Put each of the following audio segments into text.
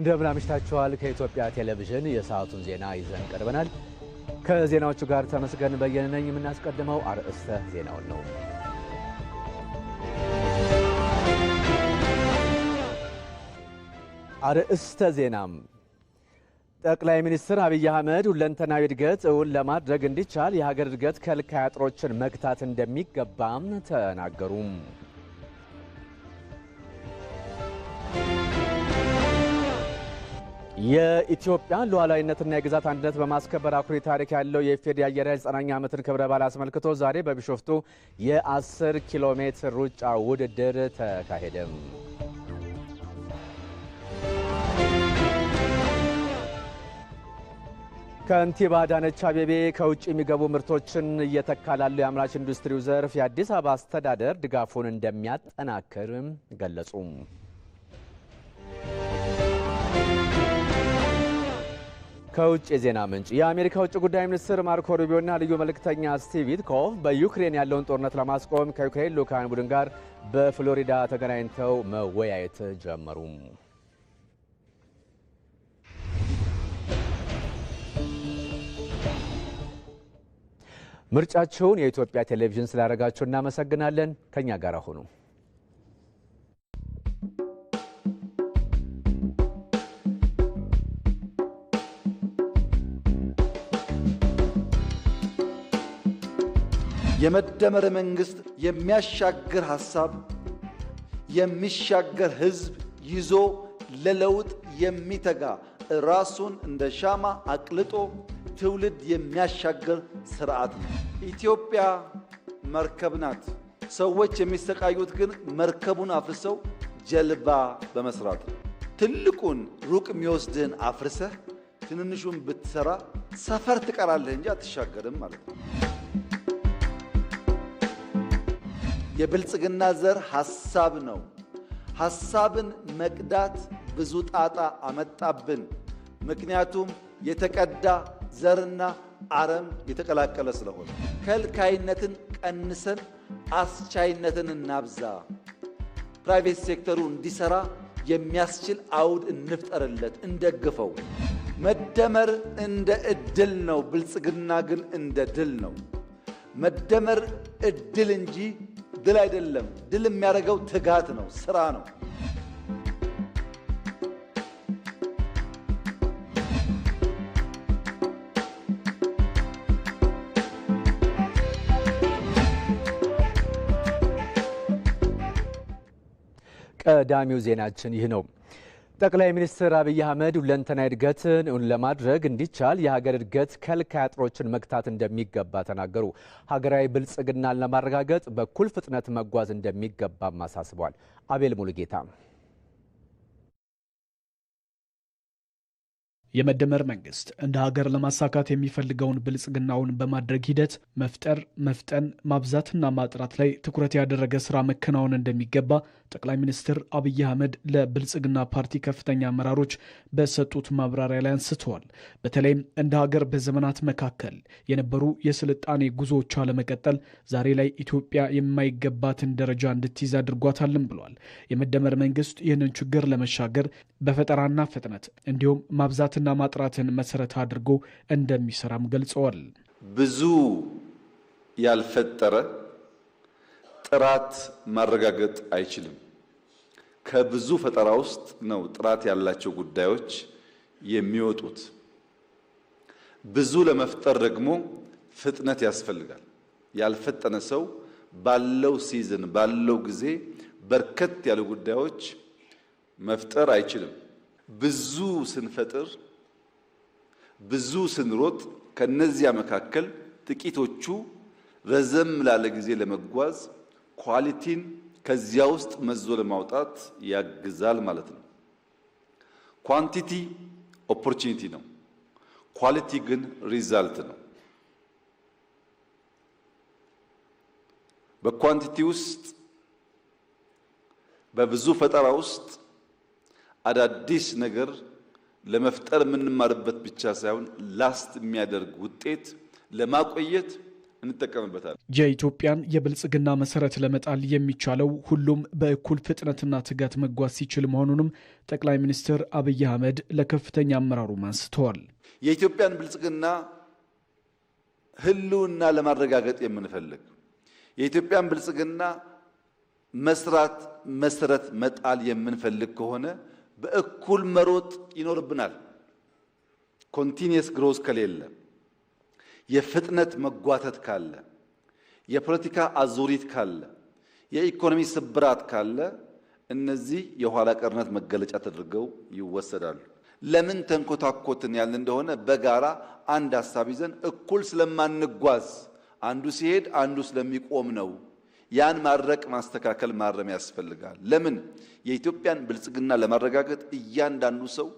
እንደምን አምሽታችኋል። ከኢትዮጵያ ቴሌቪዥን የሰዓቱን ዜና ይዘን ቀርበናል። ከዜናዎቹ ጋር ተመስገን በየነ ነኝ። የምናስቀድመው አርዕስተ ዜናውን ነው። አርዕስተ ዜናም ጠቅላይ ሚኒስትር አብይ አህመድ ሁለንተናዊ እድገት እውን ለማድረግ እንዲቻል የሀገር እድገት ከልካይ አጥሮችን መግታት እንደሚገባም ተናገሩም። የኢትዮጵያ ሉዓላዊነትና የግዛት አንድነት በማስከበር አኩሪ ታሪክ ያለው የኢፌዴሪ አየር ኃይል ዘጠናኛ ዓመትን ክብረ በዓል አስመልክቶ ዛሬ በቢሾፍቱ የ10 ኪሎ ሜትር ሩጫ ውድድር ተካሄደም። ከንቲባ አዳነች አቤቤ ከውጭ የሚገቡ ምርቶችን እየተካላሉ የአምራች ኢንዱስትሪው ዘርፍ የአዲስ አበባ አስተዳደር ድጋፉን እንደሚያጠናክርም ገለጹ። ከውጭ የዜና ምንጭ የአሜሪካ ውጭ ጉዳይ ሚኒስትር ማርኮ ሩቢዮና ልዩ መልእክተኛ ስቲቭ ዊትኮፍ በዩክሬን ያለውን ጦርነት ለማስቆም ከዩክሬን ልዑካን ቡድን ጋር በፍሎሪዳ ተገናኝተው መወያየት ጀመሩ። ምርጫቸውን የኢትዮጵያ ቴሌቪዥን ስላደረጋቸው እናመሰግናለን። ከኛ ጋር ሁኑ። የመደመር መንግስት የሚያሻግር ሀሳብ የሚሻገር ህዝብ ይዞ ለለውጥ የሚተጋ ራሱን እንደ ሻማ አቅልጦ ትውልድ የሚያሻገር ስርዓት ነው። ኢትዮጵያ መርከብ ናት። ሰዎች የሚሰቃዩት ግን መርከቡን አፍርሰው ጀልባ በመስራት ነው። ትልቁን ሩቅ የሚወስድህን አፍርሰህ ትንንሹን ብትሰራ ሰፈር ትቀራለህ እንጂ አትሻገርም ማለት ነው። የብልጽግና ዘር ሐሳብ ነው። ሐሳብን መቅዳት ብዙ ጣጣ አመጣብን። ምክንያቱም የተቀዳ ዘርና አረም የተቀላቀለ ስለሆነ ከልካይነትን ቀንሰን አስቻይነትን እናብዛ። ፕራይቬት ሴክተሩ እንዲሰራ የሚያስችል አውድ እንፍጠርለት፣ እንደግፈው። መደመር እንደ እድል ነው፣ ብልጽግና ግን እንደ ድል ነው። መደመር እድል እንጂ ድል አይደለም። ድል የሚያደርገው ትጋት ነው፣ ስራ ነው። ቀዳሚው ዜናችን ይህ ነው። ጠቅላይ ሚኒስትር አብይ አህመድ ሁለንተና እድገትን እውን ለማድረግ እንዲቻል የሀገር እድገት ከልካይ አጥሮችን መግታት እንደሚገባ ተናገሩ። ሀገራዊ ብልጽግናን ለማረጋገጥ በኩል ፍጥነት መጓዝ እንደሚገባም አሳስቧል። አቤል ሙሉጌታ የመደመር መንግስት እንደ ሀገር ለማሳካት የሚፈልገውን ብልጽግናውን በማድረግ ሂደት መፍጠር፣ መፍጠን፣ ማብዛትና ማጥራት ላይ ትኩረት ያደረገ ስራ መከናወን እንደሚገባ ጠቅላይ ሚኒስትር አብይ አህመድ ለብልጽግና ፓርቲ ከፍተኛ አመራሮች በሰጡት ማብራሪያ ላይ አንስተዋል። በተለይም እንደ ሀገር በዘመናት መካከል የነበሩ የስልጣኔ ጉዞዎቿ ለመቀጠል ዛሬ ላይ ኢትዮጵያ የማይገባትን ደረጃ እንድትይዝ አድርጓታልም ብሏል። የመደመር መንግስት ይህንን ችግር ለመሻገር በፈጠራና ፍጥነት እንዲሁም ማብዛት ጥራትና ማጥራትን መሰረት አድርጎ እንደሚሰራም ገልጸዋል። ብዙ ያልፈጠረ ጥራት ማረጋገጥ አይችልም። ከብዙ ፈጠራ ውስጥ ነው ጥራት ያላቸው ጉዳዮች የሚወጡት። ብዙ ለመፍጠር ደግሞ ፍጥነት ያስፈልጋል። ያልፈጠነ ሰው ባለው ሲዝን ባለው ጊዜ በርከት ያሉ ጉዳዮች መፍጠር አይችልም። ብዙ ስንፈጥር ብዙ ስንሮጥ ከነዚያ መካከል ጥቂቶቹ ረዘም ላለ ጊዜ ለመጓዝ ኳሊቲን ከዚያ ውስጥ መዞ ለማውጣት ያግዛል ማለት ነው። ኳንቲቲ ኦፖርቹኒቲ ነው፣ ኳሊቲ ግን ሪዛልት ነው። በኳንቲቲ ውስጥ በብዙ ፈጠራ ውስጥ አዳዲስ ነገር ለመፍጠር የምንማርበት ብቻ ሳይሆን ላስት የሚያደርግ ውጤት ለማቆየት እንጠቀምበታል። የኢትዮጵያን የብልጽግና መሰረት ለመጣል የሚቻለው ሁሉም በእኩል ፍጥነትና ትጋት መጓዝ ሲችል መሆኑንም ጠቅላይ ሚኒስትር አብይ አህመድ ለከፍተኛ አመራሩ አንስተዋል። የኢትዮጵያን ብልጽግና ህልውና ለማረጋገጥ የምንፈልግ የኢትዮጵያን ብልጽግና መስራት መሰረት መጣል የምንፈልግ ከሆነ በእኩል መሮጥ ይኖርብናል። ኮንቲኒየስ ግሮዝ ከሌለ፣ የፍጥነት መጓተት ካለ፣ የፖለቲካ አዙሪት ካለ፣ የኢኮኖሚ ስብራት ካለ እነዚህ የኋላ ቀርነት መገለጫ ተደርገው ይወሰዳሉ። ለምን ተንኮታኮትን ያልን እንደሆነ በጋራ አንድ ሀሳብ ይዘን እኩል ስለማንጓዝ አንዱ ሲሄድ አንዱ ስለሚቆም ነው። ያን ማድረቅ፣ ማስተካከል፣ ማረም ያስፈልጋል። ለምን የኢትዮጵያን ብልጽግና ለማረጋገጥ እያንዳንዱ ሰው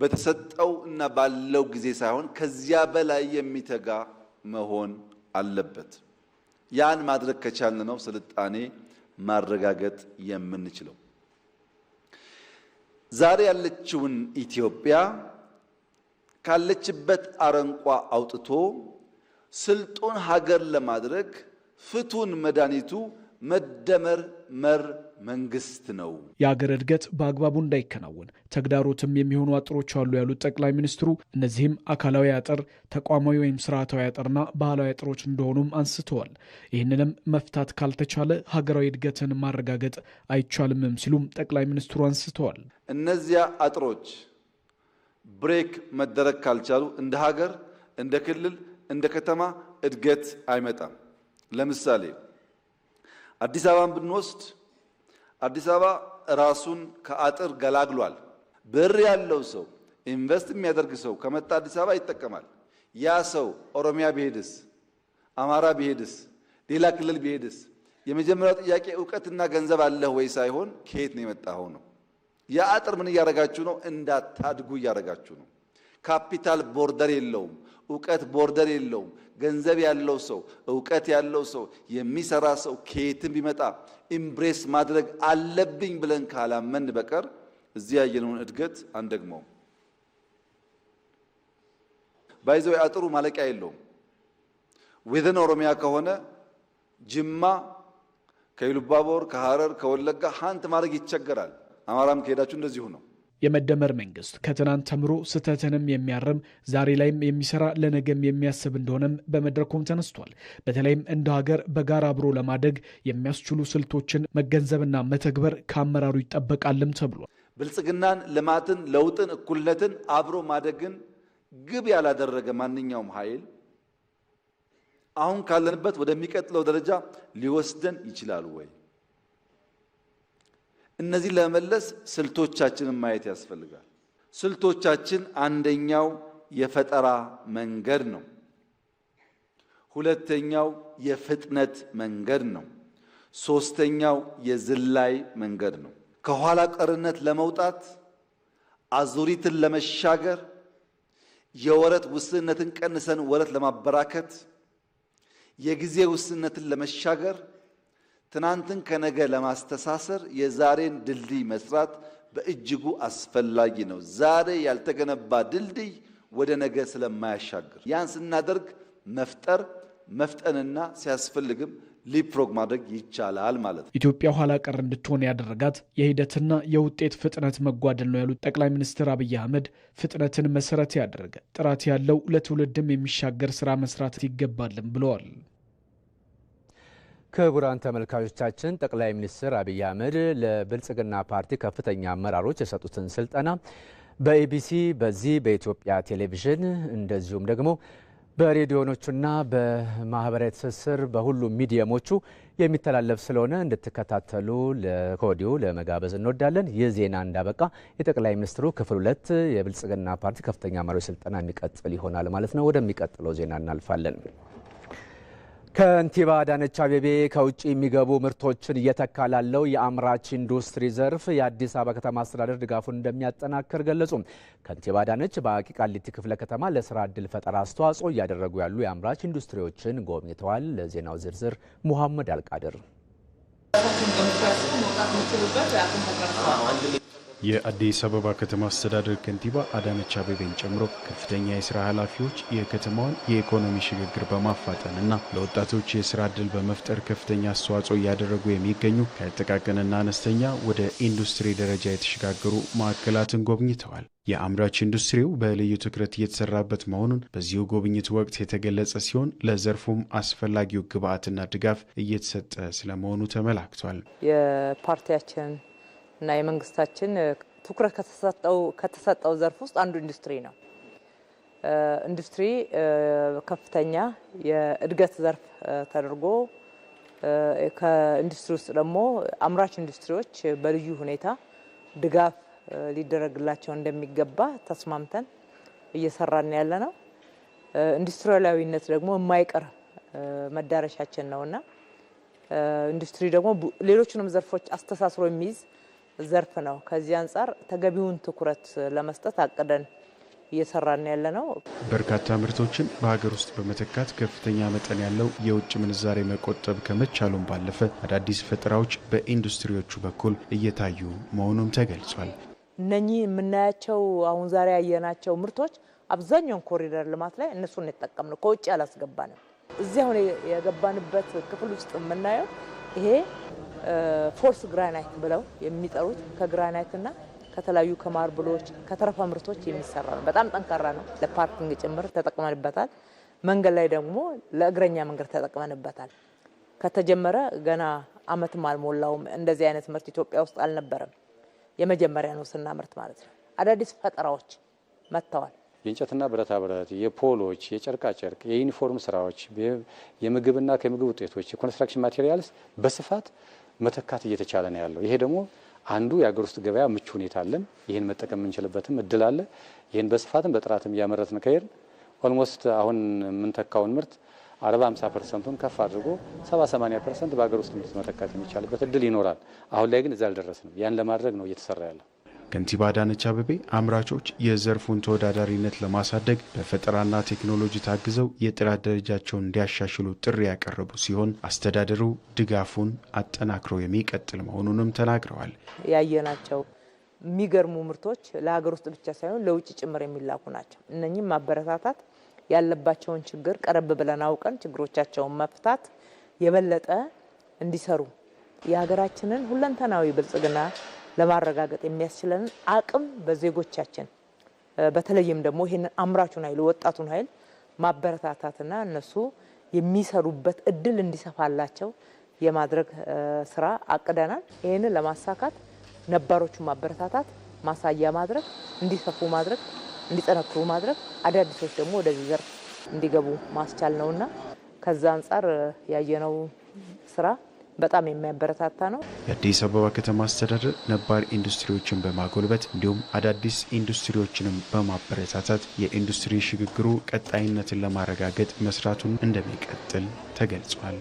በተሰጠው እና ባለው ጊዜ ሳይሆን ከዚያ በላይ የሚተጋ መሆን አለበት። ያን ማድረግ ከቻልን ነው ስልጣኔ ማረጋገጥ የምንችለው። ዛሬ ያለችውን ኢትዮጵያ ካለችበት አረንቋ አውጥቶ ስልጡን ሀገር ለማድረግ ፍቱን መድኃኒቱ መደመር መር መንግስት ነው። የአገር እድገት በአግባቡ እንዳይከናወን ተግዳሮትም የሚሆኑ አጥሮች አሉ ያሉት ጠቅላይ ሚኒስትሩ እነዚህም አካላዊ አጥር፣ ተቋማዊ ወይም ስርዓታዊ አጥርና ባህላዊ አጥሮች እንደሆኑም አንስተዋል። ይህንንም መፍታት ካልተቻለ ሀገራዊ እድገትን ማረጋገጥ አይቻልምም ሲሉም ጠቅላይ ሚኒስትሩ አንስተዋል። እነዚያ አጥሮች ብሬክ መደረግ ካልቻሉ እንደ ሀገር፣ እንደ ክልል፣ እንደ ከተማ እድገት አይመጣም። ለምሳሌ አዲስ አበባን ብንወስድ አዲስ አበባ ራሱን ከአጥር ገላግሏል። ብር ያለው ሰው ኢንቨስት የሚያደርግ ሰው ከመጣ አዲስ አበባ ይጠቀማል። ያ ሰው ኦሮሚያ ቢሄድስ፣ አማራ ቢሄድስ፣ ሌላ ክልል ቢሄድስ የመጀመሪያው ጥያቄ እውቀትና ገንዘብ አለህ ወይ ሳይሆን ከየት ነው የመጣኸው ነው። የአጥር ምን እያደረጋችሁ ነው? እንዳታድጉ እያደረጋችሁ ነው። ካፒታል ቦርደር የለውም። እውቀት ቦርደር የለውም። ገንዘብ ያለው ሰው፣ እውቀት ያለው ሰው፣ የሚሰራ ሰው ከየትም ቢመጣ ኢምብሬስ ማድረግ አለብኝ ብለን ካላመን በቀር እዚህ ያየነውን እድገት አንደግመው። ባይዘው አጥሩ ማለቂያ የለውም። ዌዘን ኦሮሚያ ከሆነ ጅማ ከኢሉባቦር ከሐረር ከወለጋ ሀንት ማድረግ ይቸገራል። አማራም ከሄዳችሁ እንደዚሁ ነው። የመደመር መንግስት ከትናንት ተምሮ ስህተትንም የሚያርም ዛሬ ላይም የሚሰራ ለነገም የሚያስብ እንደሆነም በመድረኩም ተነስቷል። በተለይም እንደ ሀገር በጋራ አብሮ ለማደግ የሚያስችሉ ስልቶችን መገንዘብና መተግበር ከአመራሩ ይጠበቃልም ተብሏል። ብልጽግናን፣ ልማትን፣ ለውጥን፣ እኩልነትን፣ አብሮ ማደግን ግብ ያላደረገ ማንኛውም ኃይል አሁን ካለንበት ወደሚቀጥለው ደረጃ ሊወስደን ይችላል ወይ? እነዚህ ለመመለስ ስልቶቻችንን ማየት ያስፈልጋል። ስልቶቻችን አንደኛው የፈጠራ መንገድ ነው። ሁለተኛው የፍጥነት መንገድ ነው። ሶስተኛው የዝላይ መንገድ ነው። ከኋላ ቀርነት ለመውጣት አዙሪትን ለመሻገር የወረት ውስንነትን ቀንሰን ወረት ለማበራከት የጊዜ ውስንነትን ለመሻገር ትናንትን ከነገ ለማስተሳሰር የዛሬን ድልድይ መስራት በእጅጉ አስፈላጊ ነው። ዛሬ ያልተገነባ ድልድይ ወደ ነገ ስለማያሻግር ያን ስናደርግ መፍጠር መፍጠንና ሲያስፈልግም ሊፕሮግ ማድረግ ይቻላል ማለት ነው። ኢትዮጵያ ኋላ ቀር እንድትሆን ያደረጋት የሂደትና የውጤት ፍጥነት መጓደል ነው ያሉት ጠቅላይ ሚኒስትር አብይ አህመድ ፍጥነትን መሰረት ያደረገ ጥራት ያለው ለትውልድም የሚሻገር ስራ መስራት ይገባልም ብለዋል። ክቡራን ተመልካቾቻችን ጠቅላይ ሚኒስትር አብይ አህመድ ለብልጽግና ፓርቲ ከፍተኛ አመራሮች የሰጡትን ስልጠና በኤቢሲ በዚህ በኢትዮጵያ ቴሌቪዥን እንደዚሁም ደግሞ በሬዲዮኖቹና በማህበራዊ ትስስር በሁሉም ሚዲየሞቹ የሚተላለፍ ስለሆነ እንድትከታተሉ ከወዲሁ ለመጋበዝ እንወዳለን። ይህ ዜና እንዳበቃ የጠቅላይ ሚኒስትሩ ክፍል ሁለት የብልጽግና ፓርቲ ከፍተኛ መሪዎች ስልጠና የሚቀጥል ይሆናል ማለት ነው። ወደሚቀጥለው ዜና እናልፋለን። ከንቲባ አዳነች አቤቤ ከውጭ የሚገቡ ምርቶችን እየተካ ላለው የአምራች ኢንዱስትሪ ዘርፍ የአዲስ አበባ ከተማ አስተዳደር ድጋፉን እንደሚያጠናክር ገለጹ። ከንቲባ አዳነች በአቃቂ ቃሊቲ ክፍለ ከተማ ለስራ ዕድል ፈጠራ አስተዋጽኦ እያደረጉ ያሉ የአምራች ኢንዱስትሪዎችን ጎብኝተዋል። ለዜናው ዝርዝር ሙሐመድ አልቃድር የአዲስ አበባ ከተማ አስተዳደር ከንቲባ አዳነች አቤቤን ጨምሮ ከፍተኛ የስራ ኃላፊዎች የከተማዋን የኢኮኖሚ ሽግግር በማፋጠንና ለወጣቶች የስራ እድል በመፍጠር ከፍተኛ አስተዋጽኦ እያደረጉ የሚገኙ ከጥቃቅንና አነስተኛ ወደ ኢንዱስትሪ ደረጃ የተሸጋገሩ ማዕከላትን ጎብኝተዋል። የአምራች ኢንዱስትሪው በልዩ ትኩረት እየተሰራበት መሆኑን በዚሁ ጉብኝት ወቅት የተገለጸ ሲሆን ለዘርፉም አስፈላጊው ግብዓትና ድጋፍ እየተሰጠ ስለመሆኑ ተመላክቷል። የፓርቲያችን እና የመንግስታችን ትኩረት ከተሰጠው ዘርፍ ውስጥ አንዱ ኢንዱስትሪ ነው። ኢንዱስትሪ ከፍተኛ የእድገት ዘርፍ ተደርጎ ከኢንዱስትሪ ውስጥ ደግሞ አምራች ኢንዱስትሪዎች በልዩ ሁኔታ ድጋፍ ሊደረግላቸው እንደሚገባ ተስማምተን እየሰራን ያለ ነው። ኢንዱስትሪያላዊነት ደግሞ የማይቀር መዳረሻችን ነውና ኢንዱስትሪ ደግሞ ሌሎችንም ዘርፎች አስተሳስሮ የሚይዝ ዘርፍ ነው። ከዚህ አንጻር ተገቢውን ትኩረት ለመስጠት አቅደን እየሰራን ያለ ነው። በርካታ ምርቶችን በሀገር ውስጥ በመተካት ከፍተኛ መጠን ያለው የውጭ ምንዛሬ መቆጠብ ከመቻሉም ባለፈ አዳዲስ ፈጠራዎች በኢንዱስትሪዎቹ በኩል እየታዩ መሆኑም ተገልጿል። እነኚህ የምናያቸው አሁን ዛሬ ያየናቸው ምርቶች አብዛኛውን ኮሪደር ልማት ላይ እነሱን የጠቀምነው ከውጭ አላስገባንም። እዚህ አሁን የገባንበት ክፍል ውስጥ የምናየው ይሄ ፎርስ ግራናይት ብለው የሚጠሩት ከግራናይት እና ከተለያዩ ከማርብሎች ከተረፈ ምርቶች የሚሰራ ነው። በጣም ጠንካራ ነው። ለፓርኪንግ ጭምር ተጠቅመንበታል። መንገድ ላይ ደግሞ ለእግረኛ መንገድ ተጠቅመንበታል። ከተጀመረ ገና አመትም አልሞላውም። እንደዚህ አይነት ምርት ኢትዮጵያ ውስጥ አልነበረም። የመጀመሪያ ነው ስናምርት ማለት ነው። አዳዲስ ፈጠራዎች መጥተዋል። የእንጨትና ብረታ ብረት፣ የፖሎች፣ የጨርቃጨርቅ፣ የዩኒፎርም ስራዎች፣ የምግብና ከምግብ ውጤቶች፣ የኮንስትራክሽን ማቴሪያልስ በስፋት መተካት እየተቻለ ነው ያለው። ይሄ ደግሞ አንዱ የሀገር ውስጥ ገበያ ምቹ ሁኔታ አለን። ይህን መጠቀም የምንችልበትም እድል አለ። ይህን በስፋትም በጥራትም እያመረትን ከሄድን ኦልሞስት አሁን የምንተካውን ምርት አርባ ሃምሳ ፐርሰንቱን ከፍ አድርጎ ሰባ ሰማኒያ ፐርሰንት በሀገር ውስጥ ምርት መተካት የሚቻልበት እድል ይኖራል። አሁን ላይ ግን አልደረስ አልደረስንም። ያን ለማድረግ ነው እየተሰራ ያለው። ከንቲባ አዳነች አበቤ አምራቾች የዘርፉን ተወዳዳሪነት ለማሳደግ በፈጠራና ቴክኖሎጂ ታግዘው የጥራት ደረጃቸውን እንዲያሻሽሉ ጥሪ ያቀረቡ ሲሆን አስተዳደሩ ድጋፉን አጠናክሮ የሚቀጥል መሆኑንም ተናግረዋል። ያየናቸው የሚገርሙ ምርቶች ለሀገር ውስጥ ብቻ ሳይሆን ለውጭ ጭምር የሚላኩ ናቸው። እነኚህም ማበረታታት ያለባቸውን ችግር ቀረብ ብለን አውቀን ችግሮቻቸውን መፍታት የበለጠ እንዲሰሩ የሀገራችንን ሁለንተናዊ ብልጽግና ለማረጋገጥ የሚያስችለንን አቅም በዜጎቻችን በተለይም ደግሞ ይህንን አምራቹን ኃይል ወጣቱን ኃይል ማበረታታትና እነሱ የሚሰሩበት እድል እንዲሰፋላቸው የማድረግ ስራ አቅደናል። ይህንን ለማሳካት ነባሮቹን ማበረታታት፣ ማሳያ ማድረግ፣ እንዲሰፉ ማድረግ፣ እንዲጠነክሩ ማድረግ፣ አዳዲሶች ደግሞ ወደዚህ ዘርፍ እንዲገቡ ማስቻል ነውና ከዛ አንጻር ያየነው ስራ በጣም የሚያበረታታ ነው። የአዲስ አበባ ከተማ አስተዳደር ነባር ኢንዱስትሪዎችን በማጎልበት እንዲሁም አዳዲስ ኢንዱስትሪዎችንም በማበረታታት የኢንዱስትሪ ሽግግሩ ቀጣይነትን ለማረጋገጥ መስራቱን እንደሚቀጥል ተገልጿል።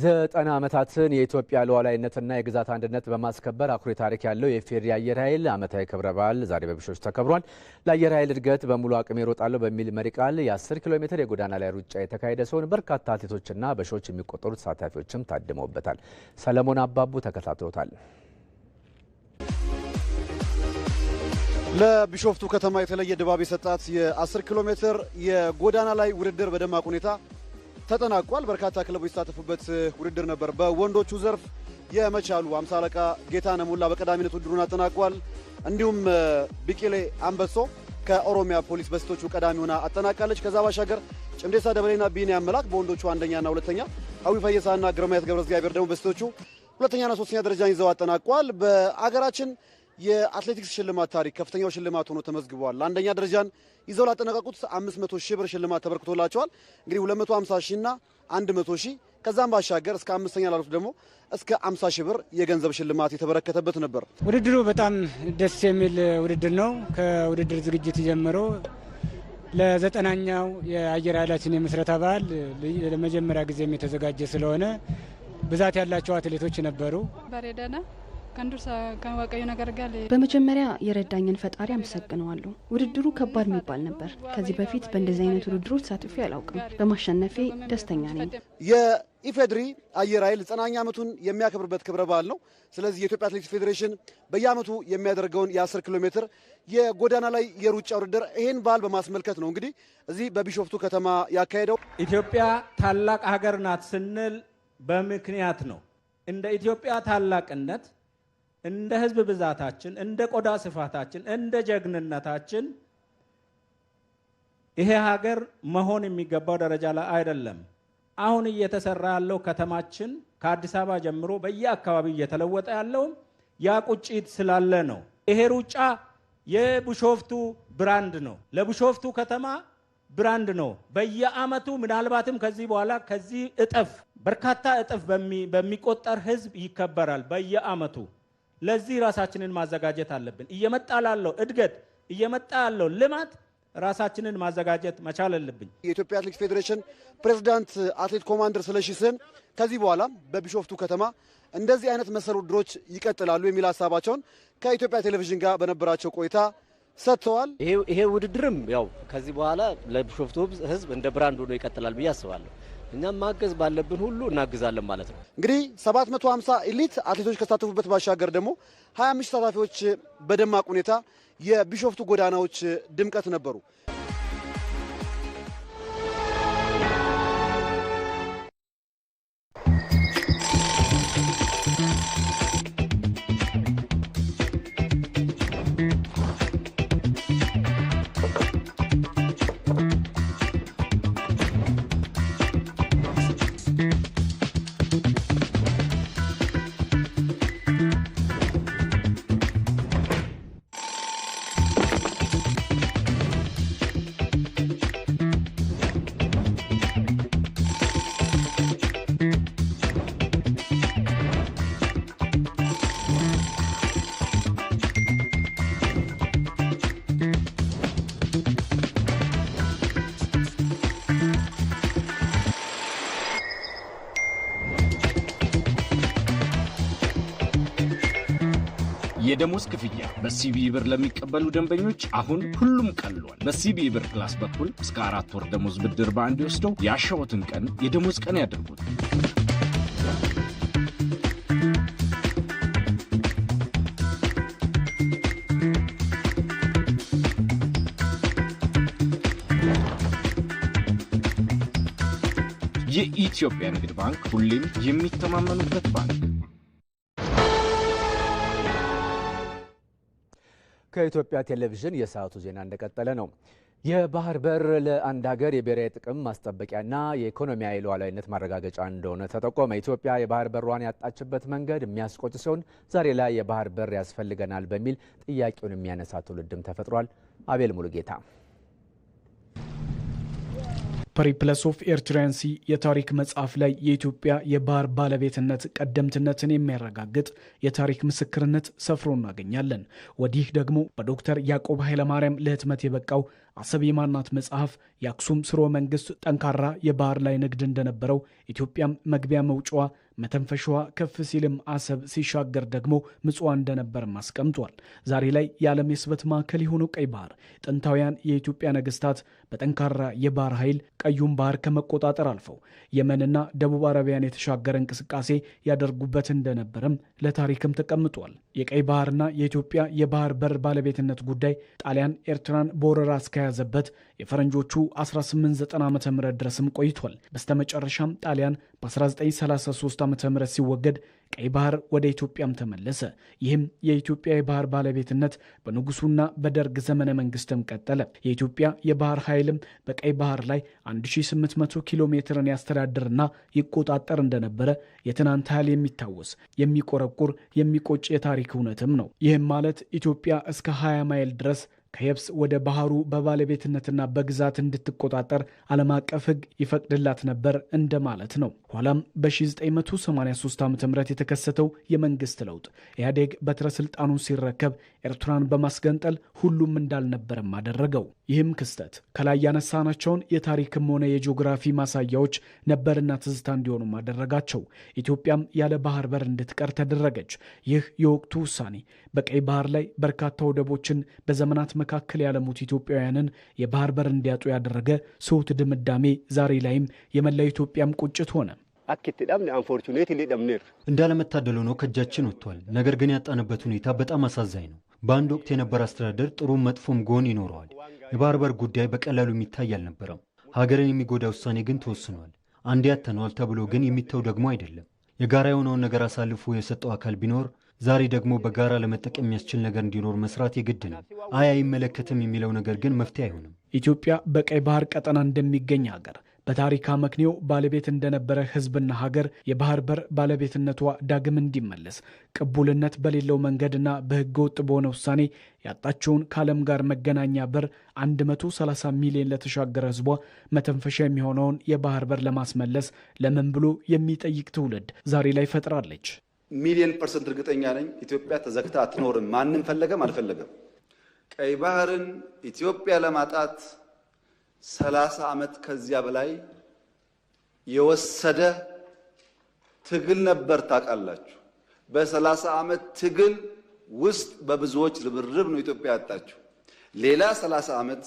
ዘጠና ዓመታትን የኢትዮጵያ ሉዓላዊነትና የግዛት አንድነት በማስከበር አኩሪ ታሪክ ያለው የኢፌዴሪ አየር ኃይል ዓመታዊ ክብረ በዓል ዛሬ በብሾፍቱ ተከብሯል። ለአየር ኃይል እድገት በሙሉ አቅም ይሮጣለሁ በሚል መሪ ቃል የ10 ኪሎ ሜትር የጎዳና ላይ ሩጫ የተካሄደ ሲሆን በርካታ አትሌቶችና በሺዎች የሚቆጠሩ ተሳታፊዎችም ታድመውበታል። ሰለሞን አባቡ ተከታትሎታል። ለቢሾፍቱ ከተማ የተለየ ድባብ የሰጣት የ10 ኪሎ ሜትር የጎዳና ላይ ውድድር በደማቅ ሁኔታ ተጠናቋል። በርካታ ክለቦች የተሳተፉበት ውድድር ነበር። በወንዶቹ ዘርፍ የመቻሉ አምሳ አለቃ ጌታነህ ሞላ በቀዳሚነት ውድድሩን አጠናቋል። እንዲሁም ቢቂሌ አንበሶ ከኦሮሚያ ፖሊስ በሴቶቹ ቀዳሚ ሆና አጠናቃለች። ከዛ ባሻገር ጭምዴሳ ደበሌና ቢኒያም መላክ በወንዶቹ አንደኛና ሁለተኛ፣ አዊ ፈየሳና ግርማየት ገብረ እግዚአብሔር ደግሞ በሴቶቹ ሁለተኛና ሶስተኛ ደረጃን ይዘው አጠናቋል። በአገራችን የአትሌቲክስ ሽልማት ታሪክ ከፍተኛው ሽልማት ሆኖ ተመዝግበዋል። ለአንደኛ ደረጃን ይዘው ላጠናቀቁት 500 ሺህ ብር ሽልማት ተበርክቶላቸዋል። እንግዲህ 250 ሺህ እና 100 ሺህ ከዛም ባሻገር እስከ አምስተኛ ላሉት ደግሞ እስከ 50 ሺህ ብር የገንዘብ ሽልማት የተበረከተበት ነበር። ውድድሩ በጣም ደስ የሚል ውድድር ነው። ከውድድር ዝግጅት ጀምሮ ለዘጠናኛው የአየር ኃይላችን የምስረታ በዓል ለመጀመሪያ ጊዜም የተዘጋጀ ስለሆነ ብዛት ያላቸው አትሌቶች ነበሩ። በመጀመሪያ የረዳኝን ፈጣሪ አመሰግነዋለሁ። ውድድሩ ከባድ የሚባል ነበር። ከዚህ በፊት በእንደዚህ አይነት ውድድሮች ተሳትፌ አላውቅም። በማሸነፌ ደስተኛ ነኝ። የኢፌድሪ አየር ኃይል ዘጠናኛ ዓመቱን የሚያከብርበት ክብረ በዓል ነው። ስለዚህ የኢትዮጵያ አትሌቲክስ ፌዴሬሽን በየዓመቱ የሚያደርገውን የ10 ኪሎ ሜትር የጎዳና ላይ የሩጫ ውድድር ይህን በዓል በማስመልከት ነው እንግዲህ እዚህ በቢሾፍቱ ከተማ ያካሄደው። ኢትዮጵያ ታላቅ ሀገር ናት ስንል በምክንያት ነው። እንደ ኢትዮጵያ ታላቅነት እንደ ህዝብ ብዛታችን፣ እንደ ቆዳ ስፋታችን፣ እንደ ጀግንነታችን ይሄ ሀገር መሆን የሚገባው ደረጃ ላይ አይደለም። አሁን እየተሰራ ያለው ከተማችን ከአዲስ አበባ ጀምሮ በየአካባቢው እየተለወጠ ያለውም ያ ቁጭት ስላለ ነው። ይሄ ሩጫ የቡሾፍቱ ብራንድ ነው፣ ለቡሾፍቱ ከተማ ብራንድ ነው። በየአመቱ ምናልባትም ከዚህ በኋላ ከዚህ እጥፍ በርካታ እጥፍ በሚቆጠር ህዝብ ይከበራል በየአመቱ። ለዚህ ራሳችንን ማዘጋጀት አለብን። እየመጣ ላለው እድገት እየመጣ ያለው ልማት ራሳችንን ማዘጋጀት መቻል አለብን። የኢትዮጵያ አትሌቲክስ ፌዴሬሽን ፕሬዝዳንት አትሌት ኮማንደር ስለሺ ስህን ከዚህ በኋላ በቢሾፍቱ ከተማ እንደዚህ አይነት መሰል ውድድሮች ይቀጥላሉ የሚል ሀሳባቸውን ከኢትዮጵያ ቴሌቪዥን ጋር በነበራቸው ቆይታ ሰጥተዋል። ይሄ ውድድርም ያው ከዚህ በኋላ ለቢሾፍቱ ሕዝብ እንደ ብራንድ ሆኖ ይቀጥላል ብዬ አስባለሁ። እኛም ማገዝ ባለብን ሁሉ እናግዛለን ማለት ነው። እንግዲህ 750 ኢሊት አትሌቶች ከተሳተፉበት ባሻገር ደግሞ 25 ተሳታፊዎች በደማቅ ሁኔታ የቢሾፍቱ ጎዳናዎች ድምቀት ነበሩ። የደሞዝ ክፍያ በሲቢ ብር ለሚቀበሉ ደንበኞች አሁን ሁሉም ቀልሏል። በሲቢ ብር ክላስ በኩል እስከ አራት ወር ደሞዝ ብድር በአንድ ወስደው ያሻዎትን ቀን የደሞዝ ቀን ያደርጉት የኢትዮጵያ ንግድ ባንክ ሁሌም የሚተማመኑበት ባንክ ከኢትዮጵያ ቴሌቪዥን የሰዓቱ ዜና እንደቀጠለ ነው። የባህር በር ለአንድ ሀገር የብሔራዊ ጥቅም ማስጠበቂያና የኢኮኖሚ ሉዓላዊነት ማረጋገጫ እንደሆነ ተጠቆመ። ኢትዮጵያ የባህር በሯን ያጣችበት መንገድ የሚያስቆጭ ሲሆን ዛሬ ላይ የባህር በር ያስፈልገናል በሚል ጥያቄውን የሚያነሳ ትውልድም ተፈጥሯል። አቤል ሙሉጌታ ፐሪፕለስ ኦፍ ኤርትራንሲ የታሪክ መጽሐፍ ላይ የኢትዮጵያ የባህር ባለቤትነት ቀደምትነትን የሚያረጋግጥ የታሪክ ምስክርነት ሰፍሮ እናገኛለን። ወዲህ ደግሞ በዶክተር ያዕቆብ ኃይለማርያም ለህትመት የበቃው አሰብ የማናት መጽሐፍ የአክሱም ስርወ መንግስት ጠንካራ የባህር ላይ ንግድ እንደነበረው ኢትዮጵያም መግቢያ መውጫዋ መተንፈሻዋ ከፍ ሲልም አሰብ ሲሻገር ደግሞ ምጽዋ እንደነበርም አስቀምጧል። ዛሬ ላይ የዓለም የስበት ማዕከል የሆነው ቀይ ባህር ጥንታውያን የኢትዮጵያ ነገስታት በጠንካራ የባህር ኃይል ቀዩን ባህር ከመቆጣጠር አልፈው የመንና ደቡብ አረቢያን የተሻገረ እንቅስቃሴ ያደርጉበት እንደነበረም ለታሪክም ተቀምጧል። የቀይ ባህርና የኢትዮጵያ የባህር በር ባለቤትነት ጉዳይ ጣሊያን ኤርትራን በወረራ እስከያዘበት የፈረንጆቹ 1890 ዓ ም ድረስም ቆይቷል። በስተመጨረሻም ጣሊያን በ1933 ዓ ም ሲወገድ ቀይ ባህር ወደ ኢትዮጵያም ተመለሰ። ይህም የኢትዮጵያ የባህር ባለቤትነት በንጉሱና በደርግ ዘመነ መንግስትም ቀጠለ። የኢትዮጵያ የባህር ኃይልም በቀይ ባህር ላይ 1800 ኪሎ ሜትርን ያስተዳድርና ይቆጣጠር እንደነበረ የትናንት ኃይል የሚታወስ የሚቆረቁር የሚቆጭ የታሪክ እውነትም ነው። ይህም ማለት ኢትዮጵያ እስከ 20 ማይል ድረስ ከየብስ ወደ ባህሩ በባለቤትነትና በግዛት እንድትቆጣጠር ዓለም አቀፍ ሕግ ይፈቅድላት ነበር እንደማለት ነው። ኋላም በ1983 ዓ ም የተከሰተው የመንግስት ለውጥ ኢህአዴግ በትረ ስልጣኑን ሲረከብ ኤርትራን በማስገንጠል ሁሉም እንዳልነበረም አደረገው። ይህም ክስተት ከላይ ያነሳናቸውን የታሪክም ሆነ የጂኦግራፊ ማሳያዎች ነበርና ትዝታ እንዲሆኑም አደረጋቸው። ኢትዮጵያም ያለ ባህር በር እንድትቀር ተደረገች። ይህ የወቅቱ ውሳኔ በቀይ ባህር ላይ በርካታ ወደቦችን በዘመናት መካከል ያለሙት ኢትዮጵያውያንን የባህር በር እንዲያጡ ያደረገ ስሁት ድምዳሜ ዛሬ ላይም የመላው ኢትዮጵያም ቁጭት ሆነ። እንዳለመታደል ሆኖ ከእጃችን ወጥቷል። ነገር ግን ያጣንበት ሁኔታ በጣም አሳዛኝ ነው። በአንድ ወቅት የነበረ አስተዳደር ጥሩም መጥፎም ጎን ይኖረዋል። የባህር በር ጉዳይ በቀላሉ የሚታይ አልነበረም። ሀገርን የሚጎዳ ውሳኔ ግን ተወስኗል። አንድ ያተነዋል ተብሎ ግን የሚተው ደግሞ አይደለም። የጋራ የሆነውን ነገር አሳልፎ የሰጠው አካል ቢኖር ዛሬ ደግሞ በጋራ ለመጠቀም የሚያስችል ነገር እንዲኖር መስራት የግድ ነው። አይ አይመለከትም የሚለው ነገር ግን መፍትሄ አይሆንም። ኢትዮጵያ በቀይ ባህር ቀጠና እንደሚገኝ ሀገር በታሪክ አመክንዮ ባለቤት እንደነበረ ህዝብና ሀገር የባህር በር ባለቤትነቷ ዳግም እንዲመለስ ቅቡልነት በሌለው መንገድና በህገ ወጥ በሆነ ውሳኔ ያጣቸውን ከዓለም ጋር መገናኛ በር 130 ሚሊዮን ለተሻገረ ህዝቧ መተንፈሻ የሚሆነውን የባህር በር ለማስመለስ ለምን ብሎ የሚጠይቅ ትውልድ ዛሬ ላይ ፈጥራለች። ሚሊዮን ፐርሰንት እርግጠኛ ነኝ ኢትዮጵያ ተዘግታ አትኖርም። ማንም ፈለገም አልፈለገም ቀይ ባህርን ኢትዮጵያ ለማጣት ሰላሳ ዓመት ከዚያ በላይ የወሰደ ትግል ነበር። ታውቃላችሁ፣ በሰላሳ ዓመት ትግል ውስጥ በብዙዎች ርብርብ ነው ኢትዮጵያ ያጣችሁ። ሌላ ሰላሳ ዓመት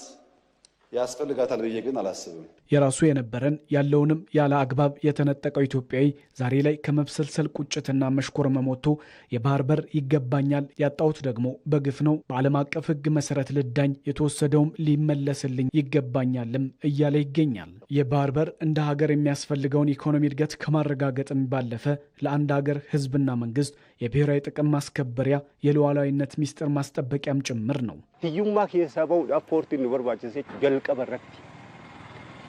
ያስፈልጋታል ብዬ ግን አላስብም። የራሱ የነበረን ያለውንም ያለ አግባብ የተነጠቀው ኢትዮጵያዊ ዛሬ ላይ ከመብሰልሰል ቁጭትና መሽኮር መሞቶ የባህር በር ይገባኛል ያጣሁት ደግሞ በግፍ ነው፣ በዓለም አቀፍ ሕግ መሰረት ልዳኝ የተወሰደውም ሊመለስልኝ ይገባኛልም እያለ ይገኛል። የባህር በር እንደ ሀገር የሚያስፈልገውን ኢኮኖሚ እድገት ከማረጋገጥም ባለፈ ለአንድ ሀገር ሕዝብና መንግስት የብሔራዊ ጥቅም ማስከበሪያ፣ የሉዓላዊነት ሚስጥር ማስጠበቂያም ጭምር ነው። ሂዩማ ኬሳበው አፖርት ኑበርባቸሴ ጀልቀበረት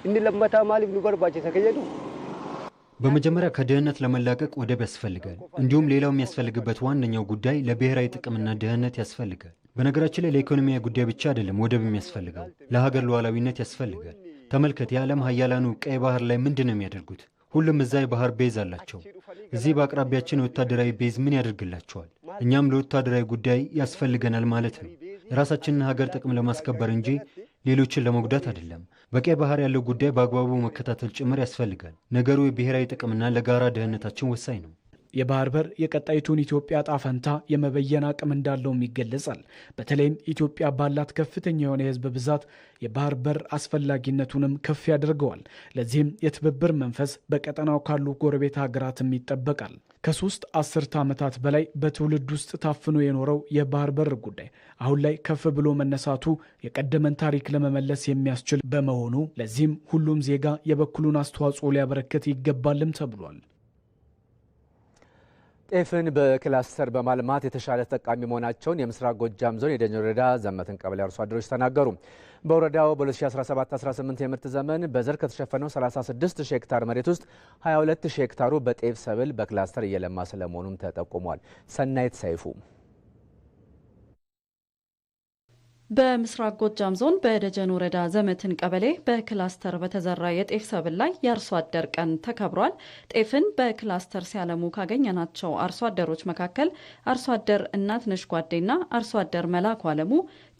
እንለመታ ማሊፍ ኑበርባቸሰ ከየዱ በመጀመሪያ ከድህነት ለመላቀቅ ወደብ ያስፈልጋል። እንዲሁም ሌላው የሚያስፈልግበት ዋነኛው ጉዳይ ለብሔራዊ ጥቅምና ደህንነት ያስፈልጋል። በነገራችን ላይ ለኢኮኖሚያዊ ጉዳይ ብቻ አይደለም ወደብ የሚያስፈልገው፣ ለሀገር ሉዓላዊነት ያስፈልጋል። ተመልከት፣ የዓለም ሀያላኑ ቀይ ባህር ላይ ምንድን ነው የሚያደርጉት? ሁሉም እዛ የባህር ቤዝ አላቸው። እዚህ በአቅራቢያችን ወታደራዊ ቤዝ ምን ያደርግላቸዋል? እኛም ለወታደራዊ ጉዳይ ያስፈልገናል ማለት ነው። የራሳችንን ሀገር ጥቅም ለማስከበር እንጂ ሌሎችን ለመጉዳት አይደለም። በቀይ ባህር ያለው ጉዳይ በአግባቡ መከታተል ጭምር ያስፈልጋል። ነገሩ የብሔራዊ ጥቅምና ለጋራ ደህንነታችን ወሳኝ ነው። የባህር በር የቀጣይቱን ኢትዮጵያ ጣፈንታ የመበየን አቅም እንዳለውም ይገለጻል። በተለይም ኢትዮጵያ ባላት ከፍተኛ የሆነ የህዝብ ብዛት የባህር በር አስፈላጊነቱንም ከፍ ያደርገዋል። ለዚህም የትብብር መንፈስ በቀጠናው ካሉ ጎረቤት ሀገራትም ይጠበቃል። ከሶስት አስርተ ዓመታት በላይ በትውልድ ውስጥ ታፍኖ የኖረው የባህር በር ጉዳይ አሁን ላይ ከፍ ብሎ መነሳቱ የቀደመን ታሪክ ለመመለስ የሚያስችል በመሆኑ ለዚህም ሁሉም ዜጋ የበኩሉን አስተዋጽኦ ሊያበረክት ይገባልም ተብሏል። ጤፍን በክላስተር በማልማት የተሻለ ተጠቃሚ መሆናቸውን የምስራቅ ጎጃም ዞን የደጀን ወረዳ ዘመትን ቀበሌ አርሶ አደሮች ተናገሩ። በወረዳው በ2017/18 የምርት ዘመን በዘር ከተሸፈነው 36 ሺህ ሄክታር መሬት ውስጥ 22 ሺህ ሄክታሩ በጤፍ ሰብል በክላስተር እየለማ ስለመሆኑም ተጠቁሟል። ሰናይት ሰይፉ በምስራቅ ጎጃም ዞን በደጀን ወረዳ ዘመትን ቀበሌ በክላስተር በተዘራ የጤፍ ሰብል ላይ የአርሶ አደር ቀን ተከብሯል። ጤፍን በክላስተር ሲያለሙ ካገኘናቸው አርሶ አደሮች መካከል አርሶ አደር እናትነሽ ጓዴና አርሶ አደር መላኩ አለሙ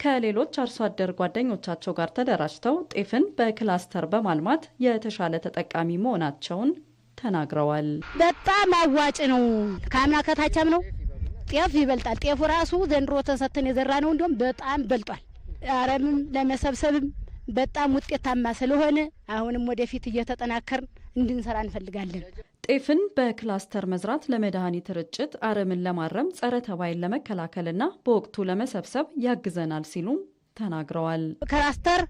ከሌሎች አርሶ አደር ጓደኞቻቸው ጋር ተደራጅተው ጤፍን በክላስተር በማልማት የተሻለ ተጠቃሚ መሆናቸውን ተናግረዋል። በጣም አዋጭ ነው። ከአምና ነው ጤፍ ይበልጣል። ጤፉ ራሱ ዘንድሮ ተሰተን የዘራ ነው እንዲሁም በጣም በልጧል። አረምም ለመሰብሰብም በጣም ውጤታማ ስለሆነ አሁንም ወደፊት እየተጠናከርን እንድንሰራ እንፈልጋለን። ጤፍን በክላስተር መዝራት ለመድኃኒት ርጭት፣ አረምን ለማረም፣ ጸረ ተባይን ለመከላከልና በወቅቱ ለመሰብሰብ ያግዘናል ሲሉም ተናግረዋል። ክላስተር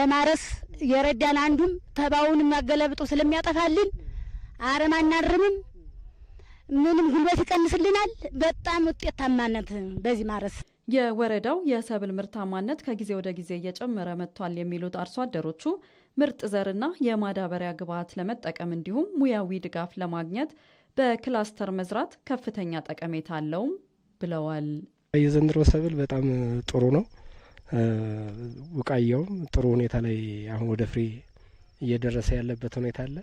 ለማረስ የረዳን አንዱም ተባውን ማገለብጦ ስለሚያጠፋልን አረም አናርምም ምንም ጉልበት ይቀንስልናል። በጣም ውጤታማነት በዚህ ማረስ የወረዳው የሰብል ምርታማነት ከጊዜ ወደ ጊዜ እየጨመረ መጥቷል የሚሉት አርሶ አደሮቹ ምርጥ ዘርና የማዳበሪያ ግብዓት ለመጠቀም እንዲሁም ሙያዊ ድጋፍ ለማግኘት በክላስተር መዝራት ከፍተኛ ጠቀሜታ አለውም ብለዋል። የዘንድሮ ሰብል በጣም ጥሩ ነው። ውቃየውም ጥሩ ሁኔታ ላይ አሁን ወደ ፍሬ እየደረሰ ያለበት ሁኔታ አለ።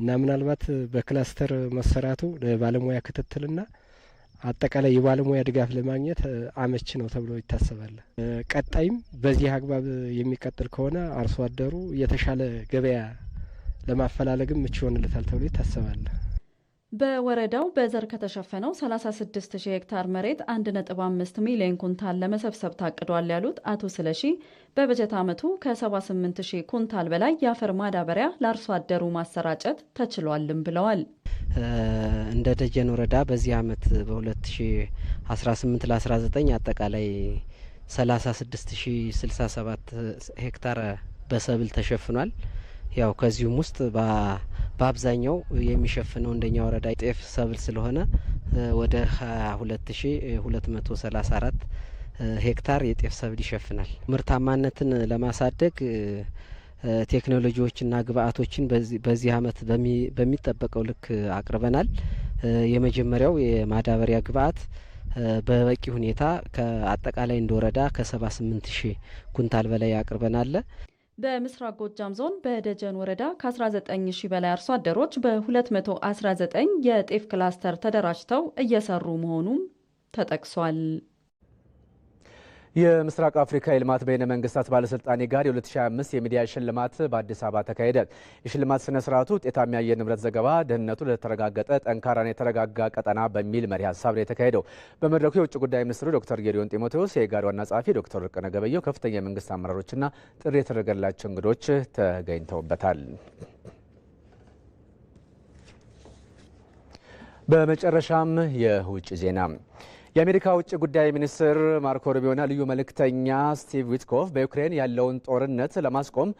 እና ምናልባት በክላስተር መሰራቱ ለባለሙያ ክትትልና አጠቃላይ የባለሙያ ድጋፍ ለማግኘት አመች ነው ተብሎ ይታሰባል። ቀጣይም በዚህ አግባብ የሚቀጥል ከሆነ አርሶ አደሩ የተሻለ ገበያ ለማፈላለግም ምቹ ይሆንለታል ተብሎ ይታሰባል። በወረዳው በዘር ከተሸፈነው 36 ሺህ ሄክታር መሬት 1.5 ሚሊዮን ኩንታል ለመሰብሰብ ታቅዷል ያሉት አቶ ስለሺ በበጀት ዓመቱ ከ78 ሺህ ኩንታል በላይ የአፈር ማዳበሪያ ለአርሶ አደሩ ማሰራጨት ተችሏልም ብለዋል። እንደ ደጀን ወረዳ በዚህ ዓመት በ2018 ለ19 አጠቃላይ 36067 ሄክታር በሰብል ተሸፍኗል። ያው ከዚሁም ውስጥ በአብዛኛው የሚሸፍነው እንደኛ ወረዳ ጤፍ ሰብል ስለሆነ ወደ 22234 ሺ ሁለት መቶ ሰላሳ አራት ሄክታር የጤፍ ሰብል ይሸፍናል። ምርታማነትን ለማሳደግ ቴክኖሎጂዎችና ግብአቶችን በዚህ አመት በሚጠበቀው ልክ አቅርበናል። የመጀመሪያው የማዳበሪያ ግብአት በበቂ ሁኔታ ከአጠቃላይ እንደወረዳ ከሰባ ስምንት ሺህ ኩንታል በላይ አቅርበናል። በምስራቅ ጎጃም ዞን በደጀን ወረዳ ከ19 ሺህ በላይ አርሶ አደሮች በ219 የጤፍ ክላስተር ተደራጅተው እየሰሩ መሆኑም ተጠቅሷል። የምስራቅ አፍሪካ የልማት በይነ መንግስታት ባለስልጣን ጋር የ2025 የሚዲያ ሽልማት በአዲስ አበባ ተካሄደ። የሽልማት ስነ ስርዓቱ ውጤታማ የአየር ንብረት ዘገባ፣ ደህንነቱ ለተረጋገጠ ጠንካራን የተረጋጋ ቀጠና በሚል መሪ ሀሳብ ነው የተካሄደው። በመድረኩ የውጭ ጉዳይ ሚኒስትሩ ዶክተር ጌዲዮን ጢሞቴዎስ፣ የጋድ ዋና ጸሐፊ ዶክተር እርቅነ ገበየው፣ ከፍተኛ የመንግስት አመራሮችና ጥሪ የተደረገላቸው እንግዶች ተገኝተውበታል። በመጨረሻም የውጭ ዜና የአሜሪካ ውጭ ጉዳይ ሚኒስትር ማርኮ ሩቢዮና ልዩ መልእክተኛ ስቲቭ ዊትኮፍ በዩክሬን ያለውን ጦርነት ለማስቆም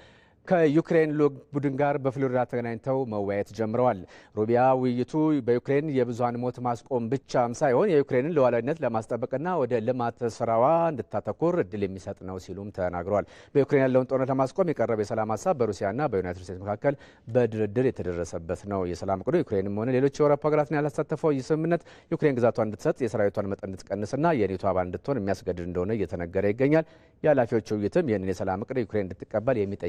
ከዩክሬን ልዑክ ቡድን ጋር በፍሎሪዳ ተገናኝተው መወያየት ጀምረዋል። ሩቢያ ውይይቱ በዩክሬን የብዙሀን ሞት ማስቆም ብቻም ሳይሆን የዩክሬንን ሉዓላዊነት ለማስጠበቅና ወደ ልማት ስራዋ እንድታተኩር እድል የሚሰጥ ነው ሲሉም ተናግረዋል። በዩክሬን ያለውን ጦርነት ለማስቆም የቀረበ የሰላም ሀሳብ በሩሲያና በዩናይትድ ስቴትስ መካከል በድርድር የተደረሰበት ነው። የሰላም እቅዱ ዩክሬንም ሆነ ሌሎች የአውሮፓ ሀገራትን ያላሳተፈው ይህ ስምምነት ዩክሬን ግዛቷን እንድትሰጥ የሰራዊቷን መጠን እንድትቀንስና የኔቶ አባል እንድትሆን የሚያስገድድ እንደሆነ እየተነገረ ይገኛል። የኃላፊዎች ውይይትም ይህንን የሰላም እቅድ ዩክሬን እንድትቀበል የሚጠ